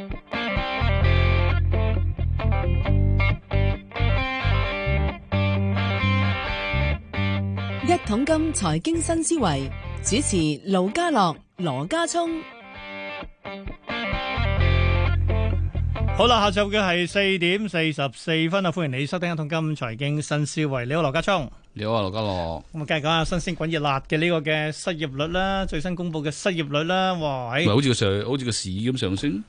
《一桶金財經新思維》主持盧家樂、羅家聰，好啦，下晝嘅係四點四十四分啊！歡迎你收聽《一桶金財經新思維》。你好，羅家聰。你好啊，盧家樂。咁啊，梗係講下新鮮滾熱辣嘅呢個嘅失業率啦，最新公布嘅失業率啦，哇，好似個上好似個市咁上升。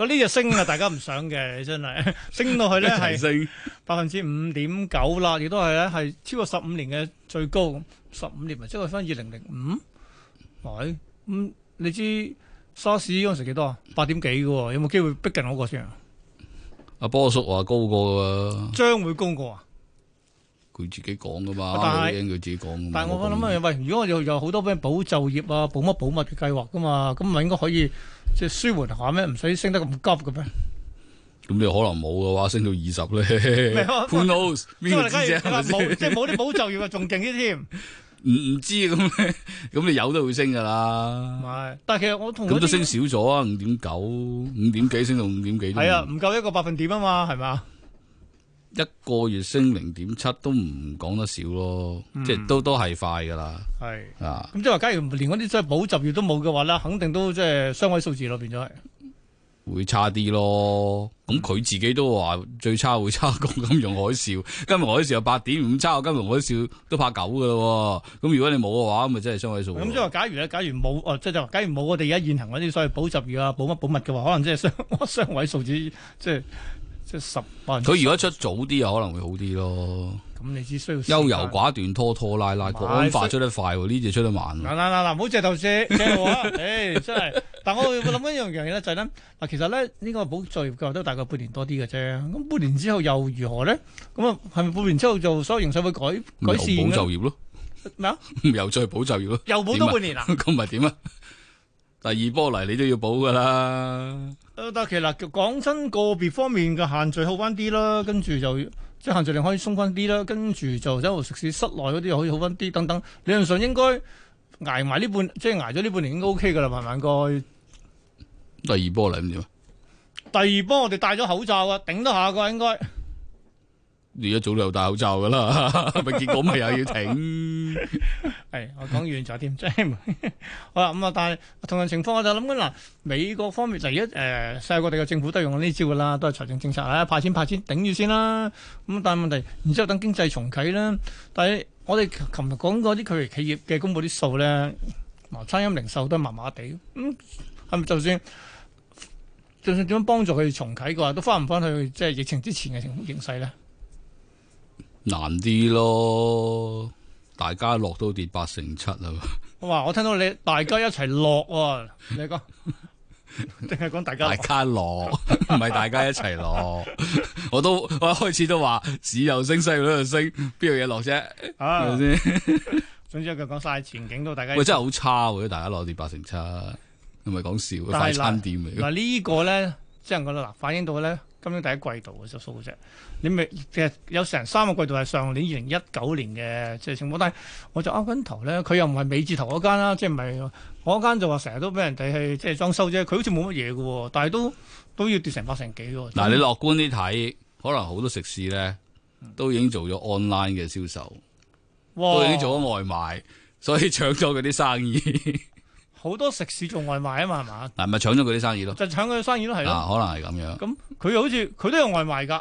嗰呢日升啊，大家唔想嘅真係， 升到去呢提係百分之五點九啦，亦都係咧係超過十五年嘅最高，十五年咪，即係返二零零五，喂、嗯，咁你知沙士嗰陣時幾多啊？八點幾㗎喎，有冇機會逼近嗰、嗰個先啊？阿波叔話高過啊，將會高過啊！佢自己講噶嘛，我聽佢自己講。但係我諗喂，如果我有好多咩保就業啊，保乜保乜嘅計劃噶嘛，咁咪應該可以即係、就是、舒緩下咩？唔使升得咁急嘅咩？咁你可能冇嘅話，升到二十咧。Who knows？即係冇啲保就業啊，仲勁啲添。唔唔知咁，咁你有都會升噶啦。係， 但係其實我同咁都升少咗啊，五點九、五點幾升到五點幾都係啊，唔夠一個百分點啊嘛，係嘛？一個月升零點七都唔講得少咯，嗯、即係都都係快噶啦。係是啊，咁即係話，假如連嗰啲所謂保就業都冇嘅話咧，肯定都即係雙位數字咯，變咗係。會差啲咯，咁佢自己都話最差會差過金融海嘯， 金融海嘯有八點五，差過金融海嘯都怕九噶啦。咁如果你冇嘅話，咁咪即係雙位數。咁即係話，假如咧，假如冇，即係就假如冇我哋而家現行嗰啲所謂保就業啊，保乜保物嘅話，可能即係雙雙位數字即係。即十萬，佢如果出早啲又可能會好啲咯。咁、嗯、你只需要優柔寡斷，拖拖，拖拉拉，色安化出得快喎，呢隻出得慢。嗱，嗱，嗱，唔好借頭借，借我啊！誒、 欸，真係。但係我諗一樣嘢咧，就係咧，嗱，其實咧呢、這個保就業計劃都大概半年多啲嘅啫。咁半年之後又如何咧？咁啊，係咪半年之後就所有形勢會改改善嘅？又保就業咯？咩又再保就業咯？又保多半年喇？咁咪點啊？ 第二波嚟你都要補噶啦。得、呃、其實嗱，講真個別方面嘅限聚好翻啲啦，跟住就即係限聚令可以鬆翻啲啦，跟住就走去食肆室內嗰啲可以好翻啲等等。理論上應該挨埋呢半，即係挨咗呢半年應該 OK 噶啦，慢慢改。第二波嚟點啊？第二波我哋戴咗口罩噶、啊，頂得下噶應該。而家早流有戴口罩噶啦，咪結果咪又要停？係我講完就點啫，好啦咁啊！但係同樣情況，我就諗緊嗱，美國方面第一誒，世界各地嘅政府都用呢招噶啦，都係財政政策，係派錢派錢頂住先啦。咁但係問題，然之後等經濟重啟啦。但係我哋琴日講嗰啲佢哋企業嘅公布啲數咧，啊，餐飲零售都係麻麻地，咁係咪就算就算點樣幫助佢哋重啟嘅話，都翻唔翻去即係疫情之前嘅情形勢咧？難啲咯，大家落都跌八成七啦。我話我聽到你大家一齊落，啊，你講，定係講大家？大家落，唔係大， 大家一齊落。 我都我一開始都話，只有升，西藥都有升，邊度嘢落啫，啊？係咪先？ 總之佢講晒前景都大家一齊落。喂，真係好差喎，啊！大家落跌八成七，係咪講笑？是快餐店嚟嗱，呢個咧，即係，嗯、覺得嗱，反映到咧。今年第一季度嘅就數啫，你未其實有成三個季度係上年二零一九年嘅即係情況，但係我就啱跟頭咧，佢又唔係美字頭嗰間啦，即係唔係嗰間就話成日都俾人哋去即係、就是、裝修啫，佢好似冇乜嘢嘅，但係都都要跌成百成幾嘅。嗱、啊，你樂觀啲睇，可能好多食肆咧都已經做咗 online 嘅銷售，都已經做咗外賣，所以搶咗佢啲生意。 好多食肆做外賣啊嘛，係嘛？嗱、啊，咪、就是、搶咗佢啲生意咯。就搶佢生意咯，係 咯、 啊。可能係咁樣。咁佢、嗯、好似佢都有外賣㗎，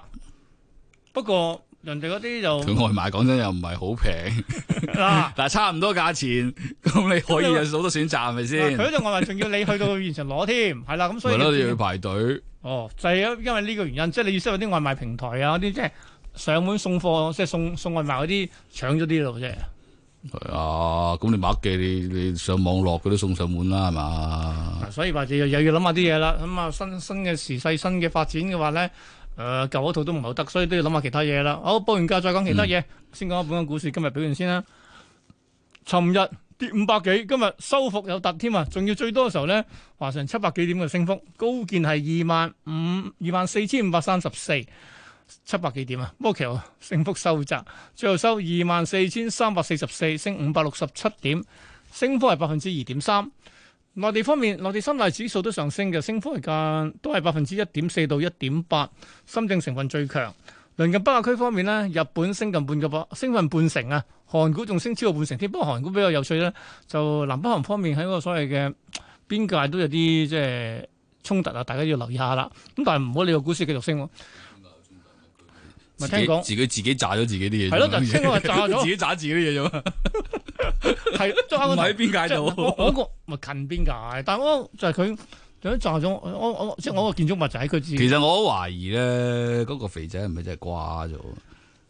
不過人哋嗰啲就。佢外賣講真又唔係好平，嗱差唔多價錢，咁 你可以有好多選擇係咪先？佢嗰啲外賣仲要你去到現場攞添，係啦， 咁、 啊、所以。係咯，你要排隊。哦、啊，就係、是、因因為呢個原因，即係你意思有啲外賣平台啊，啲即係上門送貨，即係送送外賣嗰啲搶咗啲咯，即係。係啊，咁你麥記，你你上網絡佢都送上門啦，係嘛、啊？所以話就又要諗下啲嘢啦，咁啊新新嘅時勢、新嘅發展嘅話咧，誒、呃、舊套都唔係好得，所以都要諗下其他嘢啦。好，報完價再講其他嘢，嗯、先講一講本港股市今日表現先啦。尋日跌五百幾，今日收復有突添啊，仲要最多嘅時候咧，話成七百幾點嘅升幅，高見係二萬五二萬四千五百三十四。七百幾點啊，摩橋升幅收窄，最後收二萬四千三百四十四，升五百六十七點，升幅係百分之二點三。內地方面，內地三大指數都上升嘅，升幅係間都係百分之一點四到一點八，深圳成分最強。鄰近北亞區方面呢，日本升近半個 percent 升份半成啊，韓股仲升超過半成添。不過韓股比較有趣呢，就南北韓方面喺嗰個所謂嘅邊界都有啲即係衝突啊，大家要留意下啦、啊。咁但係唔好理，個股市繼續升喎、啊。咪聽講自己自己炸咗自己啲嘢，係咯對？炸咗， 自己炸自己啲嘢啫嘛。係喺邊界度？嗰個咪近邊界？但係我就係佢想炸咗我，我即係我個建築物就喺佢自己。其實我好懷疑咧，嗰、那個肥仔係咪真係瓜咗？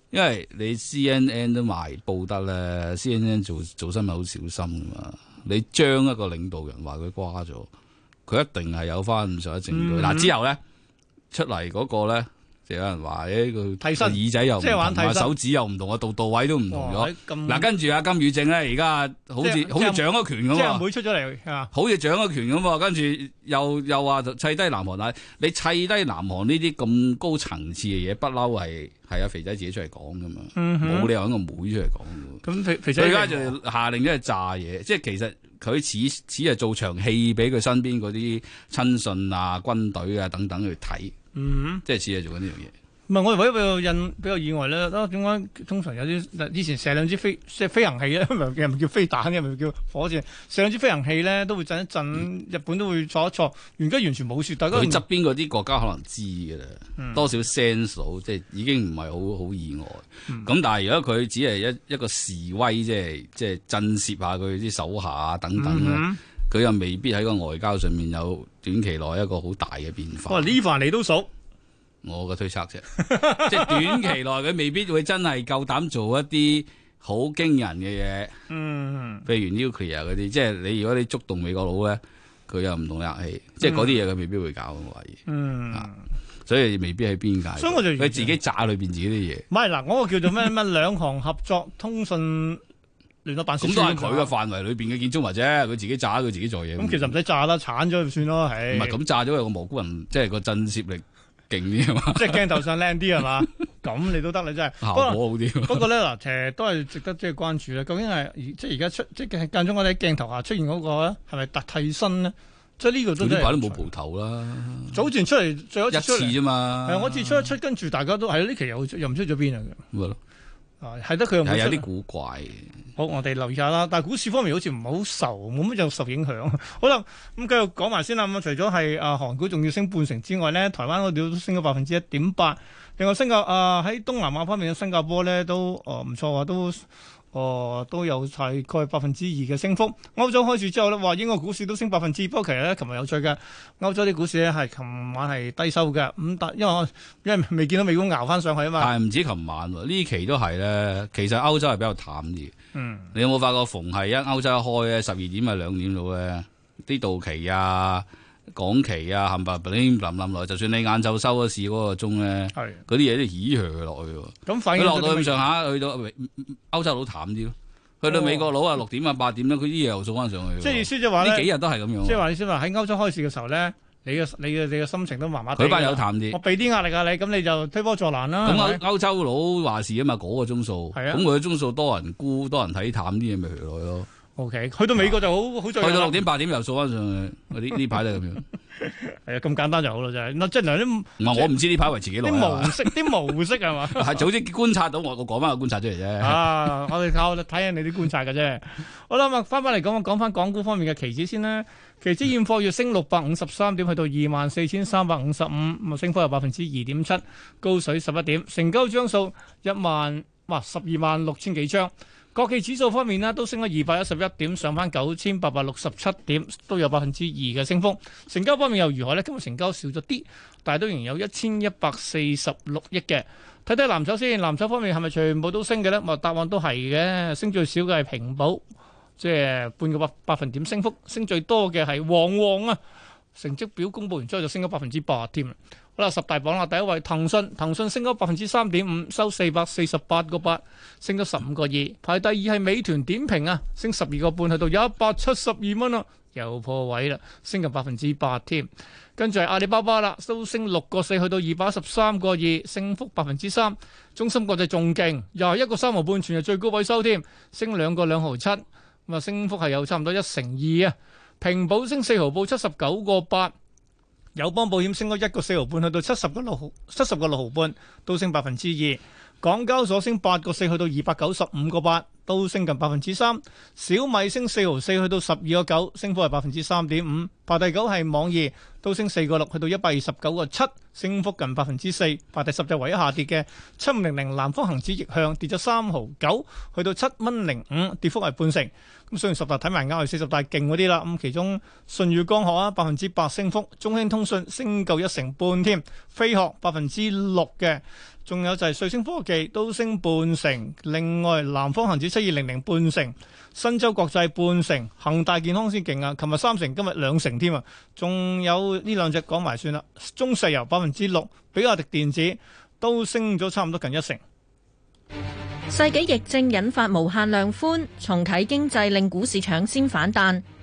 因為你 C N N 都埋報得咧，C N N 做做新聞好小心㗎嘛。你將一個領導人話佢瓜咗，佢一定係有翻咁上下證據。嗱、嗯啊、之後咧出嚟嗰個咧。有人話咧，佢、欸、個耳仔又唔同，即手指又唔同，個度度位都唔同咗。嗱、啊，跟住阿金與正咧，而家好似是好似掌個權咁啊！即係阿妹出咗嚟好似掌個權咁喎，跟住又又話砌低南韓啦。你砌低南韓呢啲咁高層次嘅嘢，不嬲係係阿肥仔自己出嚟講噶嘛，冇、嗯嗯、理由揾個妹，妹出嚟講噶。咁肥肥仔而家就下令咗去炸嘢，即係、嗯、其實佢似似係做場戲俾佢身邊嗰啲親信啊、軍隊啊等等去睇。嗯，即係似係做緊呢樣嘢。唔係，我哋唯一比較印比較意外咧。點解？通常有啲以前射兩支飛即係飛行器咧，又唔 叫飛彈嘅，唔叫火箭。射兩支飛行器咧，都會震一震。日本都會坐一坐，而家完全冇說。大家佢側邊嗰啲國家可能知嘅啦，嗯、多少 sense，即係已經唔係好好意外。咁、嗯、但係如果佢只係一一個示威，即係即係震懾下佢啲手下等等、嗯嗯佢又未必喺個外交上面有短期內一個好大嘅變化。哇、哦！呢份你都熟，我嘅推測啫， 即係短期內佢未必會真係夠膽做一啲好驚人嘅嘢。嗯，譬如 nuclear 嗰啲，即係你如果你觸動美國佬咧，佢又唔同客氣，嗯、即係嗰啲嘢佢未必會搞，我懷疑。嗯、啊，所以未必喺邊界。所以我就佢自己炸裏邊自己啲嘢。唔係嗱，嗰、那個叫做咩咩兩行合作通訊。 亂咗辦公咁都係佢嘅範圍裏邊嘅建築物啫，佢自己炸，佢自己做嘢。咁其實唔使炸啦，鏟咗就算咯，唉。唔係咁炸咗，有個蘑菇雲，即係個震懾力勁啲嘛。即係鏡頭上靚啲係嘛？咁你都得啦，真係。效果好啲。不過咧嗱，其實都係值得即係關注咧。究竟係即係而家出即係間中我哋喺鏡頭下出現嗰個，係咪特替身咧？即係呢個都。早啲拍都冇蒲頭啦。早前出嚟，最後一次出嚟。一次啫嘛。我一次出一出，跟住大家都係呢期又又唔出咗邊啊？啊，係得佢有啲古怪。好，我哋留意下啦。但係股市方面好似唔係好受，冇乜就受影響。 好啦，咁繼續講埋先啦。咁啊，除咗係啊，韓股仲要升半成之外咧，台灣我哋都升咗百分之一點八。另外，新加啊，喺、呃、東南亞方面，新加坡咧都哦唔、呃、錯啊，都。哦，都有大概百分之二嘅升幅。歐洲開始之後咧，話英國股市都升百分之二，不過其實咧，琴日有趣嘅，歐洲啲股市咧係琴晚係低收嘅。咁、嗯、但因為我因為未見到美股熬翻上去啊嘛，但係唔止琴晚，呢期都係咧。其實歐洲係比較淡啲。嗯，你有冇發覺逢係一歐洲一開咧，十二點咪兩點到咧，啲到期啊～港期啊，冚唪唥冧冧來，的就算你晏晝收咗市嗰個鐘咧，嗰啲嘢都起起落落去。咁反映落到咁上下，去到歐洲佬淡啲咯，去到美國佬啊、哦、六點啊八點咧，佢啲嘢又送翻上去。即係意思就話呢幾日都係咁樣。即係話你先話喺歐洲開市嘅時候咧，你嘅你嘅你嘅心情都麻麻。佢班友淡啲。我俾啲壓力啊你，咁你就推波助瀾啦。咁歐、嗯、洲佬話事啊嘛，嗰、嗰個鐘數。咁佢嘅鐘數多人沽，多人睇淡啲嘢咪落去咯。O、okay, K，去到美國就好，好、啊、去到六點八點又數翻、啊、上去，啲呢排都係咁樣。係啊，咁簡單就好啦，就係嗱，真係都唔係我唔知呢排為自己來啲模式啲 模式係嘛？係，總之觀察到我，我講翻個觀察出嚟啫。啊，我哋靠，睇下你啲觀察嘅啫。 好啦，咁啊，翻返嚟講，講翻港股方面嘅期指先啦。期指現貨月升六百五十三點，去到二萬四千三百五十五，咁升幅係百分之二點七，高水十一點，成交張數一萬，哇，十二萬六千幾張。國企指數方面呢，都升咗二百一十一點，上返九千八百六十七點，都有百分之二嘅升幅。成交方面又如何呢？今日成交少咗啲，但係都仍然有一千一百四十六億嘅。睇睇藍籌先，藍籌方面係咪全部都升嘅呢？答案都係嘅，升最少嘅係平保，即係半個百百分點升幅；升最多嘅係旺旺啊，成績表公布完之後就升咗百分之八添。好啦，十大榜啦，第一位騰訊，騰訊升咗百分之三點五，收四百四十八個八，升咗十五個二。排第二係美團點評啊，升十二個半去到有一百七十二蚊啊，又破位啦，升緊百分之八添。跟住係阿里巴巴啦，收升六個四去到二百十三個二，升幅百分之三。中芯國際仲勁，又係一個三毫半，全日最高位收添，升兩個兩毫七，咁啊升幅係有差唔多一成二啊。平保升四毫報七十九個八。友邦保險升咗一個四毫半，去到七十個六毫，七十個六毫半，都升百分之二。港交所升八個四去到二百九十五個八，都升近百分之三。小米升四毫四去到十二個九，升幅係百分之三點五。排第九係網易，都升四個六去到一百二十九個七，升幅近百分之四。排第十隻唯一下跌嘅七五零零南方恒指逆向跌咗三毫九，去到七蚊零五，跌幅係半成。咁雖然十大睇埋啱，係四十，大勁嗰啲啦。咁其中舜宇光學啊，百分之八升幅；中興通訊升夠一成半添；飛鶴百分之六嘅。仲有就係瑞星科技都升半成，另外南方恒指七二零零半成，新洲國際半成，恒大健康先勁啊，琴日三成，今日兩成添啊，仲有呢兩隻講埋算啦，中石油百分之六，比亞迪電子都升咗差唔多近一成。世紀疫症引發無限量寬，重啟經濟令股市搶先反彈。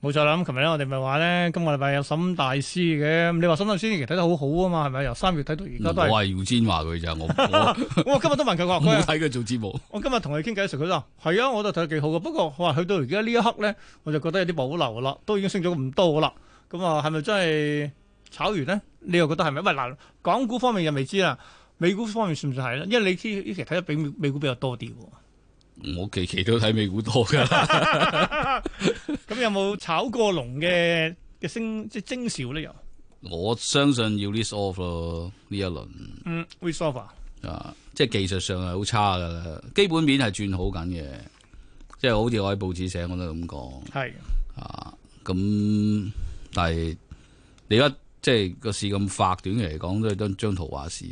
冇錯啦，咁琴日咧我哋咪話咧，今個禮拜有沈大師嘅，你話沈大師其實睇得好好啊嘛，係咪由三月睇到，e、而家都係。我係耀堅話佢咋，我我今日都問佢話，佢冇睇佢做節目。我今日同佢傾偈時，佢話係啊，我都睇得幾好噶，不過佢話去到而家呢一刻咧，我就覺得有啲保留啦，都已經升咗唔多啦。咁、嗯、啊，係咪真係炒完呢？你又覺得係咪？喂，嗱，港股方面又未知啦，美股方面算唔算係咧？因為你呢呢期睇得比美股比較多啲。我期期都睇美股多噶。 咁有冇炒過龍嘅嘅聲，即係徵兆咧？又我相信要 release off 咯呢一輪。嗯，release off 啊，即係技術上係好差噶啦，基本面係轉好緊嘅，即係好似我喺報紙寫我都咁講。係的啊，咁但係你而家即係個市咁快，短期嚟講都係張張圖話事。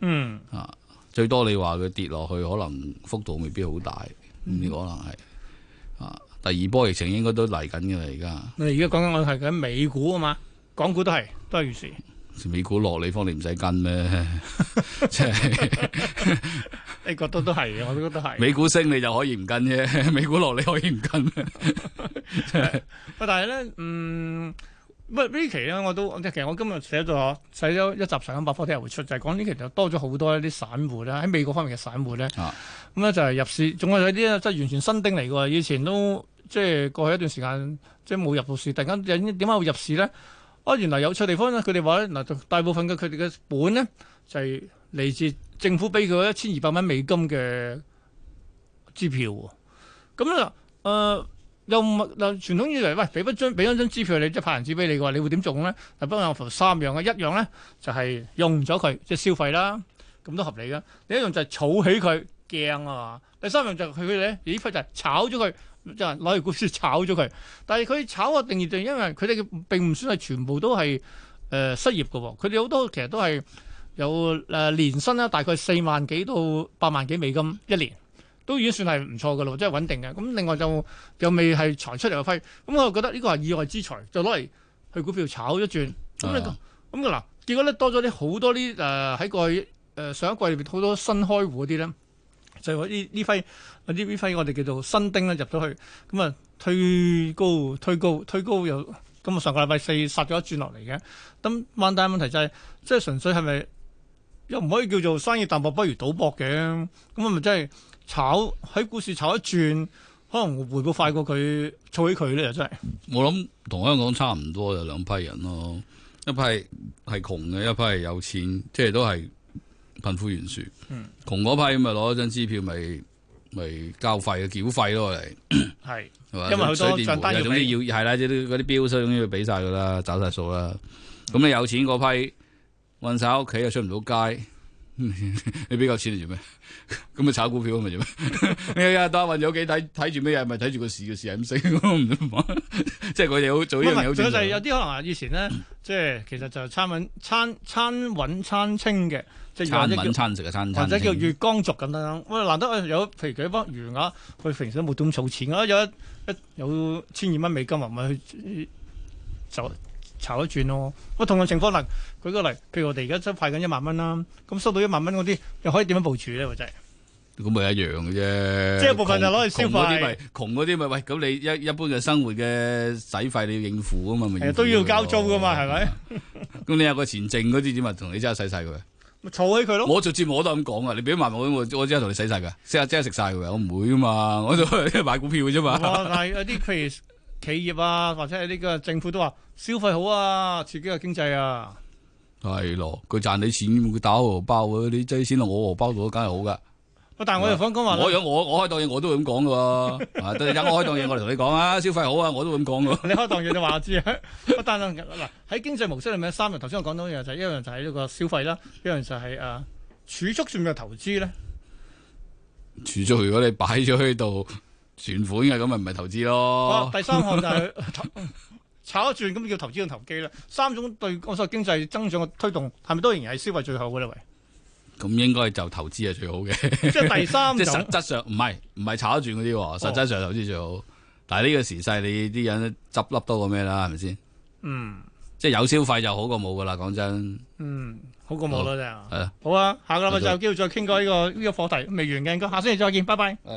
嗯啊，最多你話佢跌落去，可能幅度未必好大，呢、嗯、可能係啊。第二波疫情應該都嚟緊嘅啦，而家。我而家講緊我係緊美股啊嘛，港股都係都係如此。美股落你方你唔使跟咩？即係，你覺得都係嘅，我都覺得係。美股升你就可以唔跟啫，美股落你可以唔跟。即係，不過但係咧，嗯，乜呢期咧我都其實我今日寫咗寫咗一集財經百科，聽日會出，就係講呢期就多咗好多一啲散戶咧，喺美國方面嘅散戶咧，咁咧就係入市，仲有有啲即係完全新丁嚟嘅喎，以前都。即係過去一段時間，即係冇入到市，突然間點解點解會入市咧？啊，原來有趣地方咧，佢哋話嗱，大部分嘅佢哋嘅本咧就係嚟自政府俾佢一千二百蚊美金嘅支票。咁咧誒，又唔又傳統以嚟喂，俾返張俾返張支票你即係派銀紙俾你嘅話，你會點做咧？不過有三樣嘅，一樣咧就係用咗佢即係消費啦，咁都合理㗎。第一樣就係儲起佢，驚啊嘛。第三樣就係佢哋咧，咦？忽就係炒咗佢。就攞嚟股市炒咗佢，但係佢炒嘅定義就因為佢哋嘅並唔算係全部都係誒、呃、失業嘅喎、哦，佢哋好多其實都係有誒、呃、年薪啦、啊，大概四萬幾到八萬幾美金一年，都已經算係唔錯嘅咯，即係穩定嘅。咁、嗯、另外就又未係財出嚟嘅揮，咁、嗯、我就覺得呢個係意外之財，就攞嚟去股票炒咗轉。咁你咁嗱，結果咧多咗啲好多啲誒喺過去誒上一季裏邊好多新開戶嗰啲咧。呢呢批，呢批我哋叫做新丁啦，入咗去，咁啊推高推高推高，又咁啊上個禮拜四殺咗一轉落嚟嘅。咁萬大問題就係，即係純粹係咪又唔可以叫做生意淡薄不如賭博嘅？咁啊咪真係炒喺股市炒一轉，可能回報快過佢儲起佢咧，真係。我諗同香港差唔多，有兩批人咯，一批係窮嘅，一批係有錢，即係都係。貧富懸殊，窮嗰批咪攞一張支票咪咪交費嘅繳費咯嚟，係，係嘛是？ 因為好多，總之要係費啦，即係啲嗰啲標，所以總之要俾晒佢啦，找晒數啦。咁你有錢嗰批，韞晒喺屋企又出唔到街，嗯、呵呵你俾夠錢嚟做咩？咁 咪炒股票咪 做咩？啊啊，當韞喺屋企睇睇住咩嘢？咪睇住個市嘅市係咁升唔想即係佢哋好做呢樣好嘢。可能就係有啲可能啊，以前咧、嗯，即係其實就係參穩參參穩參清嘅。即係或者叫餐食啊，餐或者叫月光族咁啦。喂，難得有，譬如佢一幫魚，佢平時都冇咁儲錢啊，有一有千二蚊美金，咪咪去就炒一轉咯。喂，同樣情況啦，舉個例，譬如我哋而家出派緊一萬蚊啦,咁收到一萬蚊嗰啲，又可以點樣部署咧？或者咁咪一樣嘅啫。即係部分就攞去消費，窮嗰啲咪窮嗰啲咪喂，咁？你一一般嘅生活嘅使費你要應付啊嘛，咪都要交租噶嘛，係咪吧？咁 你有個錢剩嗰啲點啊？咪同你真係使晒佢。坐起佢咯，我做節目我都咁講啊！你俾一萬蚊我，我即刻同你使晒噶，即刻即刻食晒噶，我唔會啊嘛，我都買股票嘅啫嘛。係有啲譬如企業啊，或者係呢個政府都話消費好啊，自己個經濟啊。係咯，佢賺你錢，佢打荷包啊，你擠錢落，我荷包度梗係好噶。但係我又想講話，我如果我我開檔嘢、啊，我都會咁講嘅喎。都等我開檔嘢，我嚟同你講啊， 消費好啊，我都會咁講嘅。你開檔嘢你話我知啊。但係嗱，喺經濟模式入面，三樣頭先我講到嘢就係、是、一樣就係呢個消費啦，一樣就係、是、啊儲蓄算唔算投資咧？儲蓄如果你擺咗喺度存款嘅，咁咪唔係投資咯。第三項就係、是、炒 一轉，咁叫投資定投機咧？三種對我所經濟增長嘅推動，係咪都仍然係消費最後嘅咧？為咁應該就投資係最好嘅，即係第三， 即係實質上唔係唔係炒得住嗰啲，實質上投資最好。哦、但係呢個時勢，你啲人執笠多過咩啦？係咪先？嗯，即係有消費就好過冇噶啦，講真。嗯，好過冇咯，真係、哦。啊了，好啊，下個禮拜就有機會再傾過呢個呢、呢個課題，未完嘅。應該下星期再見，拜拜。哎